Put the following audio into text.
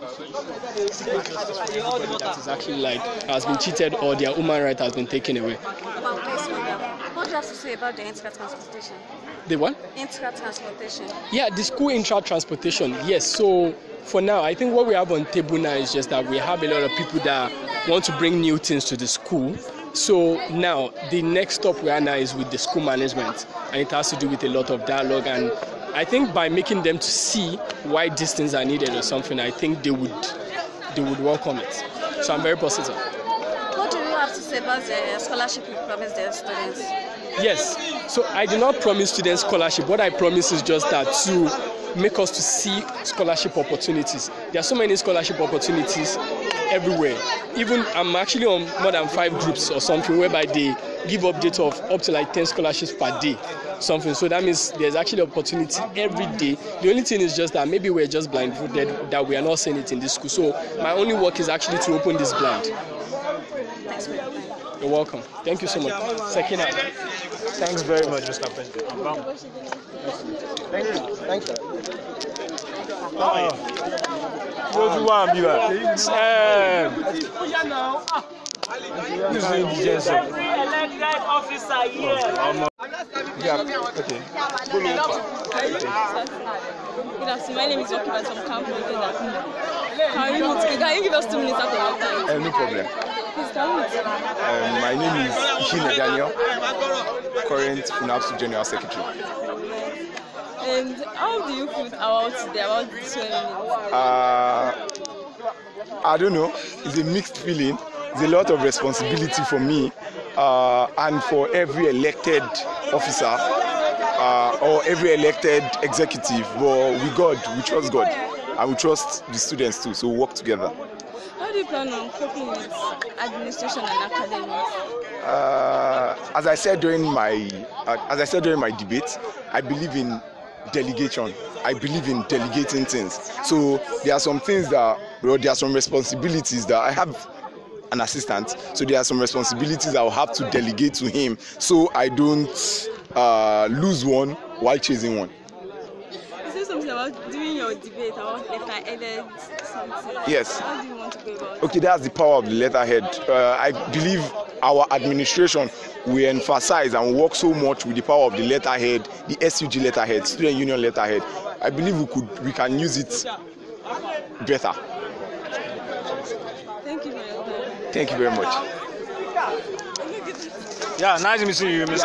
that is actually like has been cheated or their human right has been taken away. What do you have to say about the intra transportation? The what? Intra transportation. Yeah, the school intra transportation. Yes. So for now, I think what we have on table now is just that we have a lot of people that want to bring new things to the school. So now the next stop we are now is with the school management, and it has to do with a lot of dialogue and I think by making them to see why these things are needed or something, I think they would they would welcome it. So I'm very positive. What do you have to say about the scholarship you promised the students? Yes. So I do not promise students scholarship. What I promise is just that to make us to see scholarship opportunities. There are so many scholarship opportunities everywhere. Even I'm actually on more than five groups or something whereby they give updates of up to like 10 scholarships per day something so that means there's actually opportunity every day the only thing is just that maybe we're just blindfolded that we are not seeing it in this school so my only work is actually to open this blind Thanks You're welcome. Thank you so much. Sakina, thanks very much, Mr. President. Thank you. Thank you. Ojú wa mi wa. Every elected officer here. Oh, yeah, okay. Good afternoon. My name is Okiba Can you, give us two minutes after? of time? Uh, no problem. Um, my name is Ishine Daniel, current FUNAPSU General Secretary. And how do you feel about the about swimming? Um, uh, I don't know. It's a mixed feeling. It's a lot of responsibility for me uh, and for every elected officer uh, or every elected executive but we god we trust god and we trust the students too so we work together. How do you plan on coping with administration and academics? Uh, as I said during my uh, as I said during my debate, I believe in delegation. I believe in delegating things. So there are some things that well, there are some responsibilities that I have an assistant so there are some responsibilities i will have to delegate to him so i don't uh, lose one while chasing one Yes. do want to go Okay, that's the power of the letterhead. Uh, I believe our administration we emphasize and work so much with the power of the letterhead, the SUG letterhead, student union letterhead. I believe we could we can use it better. Thank you Thank you very much. Yeah, nice to see you, Mr.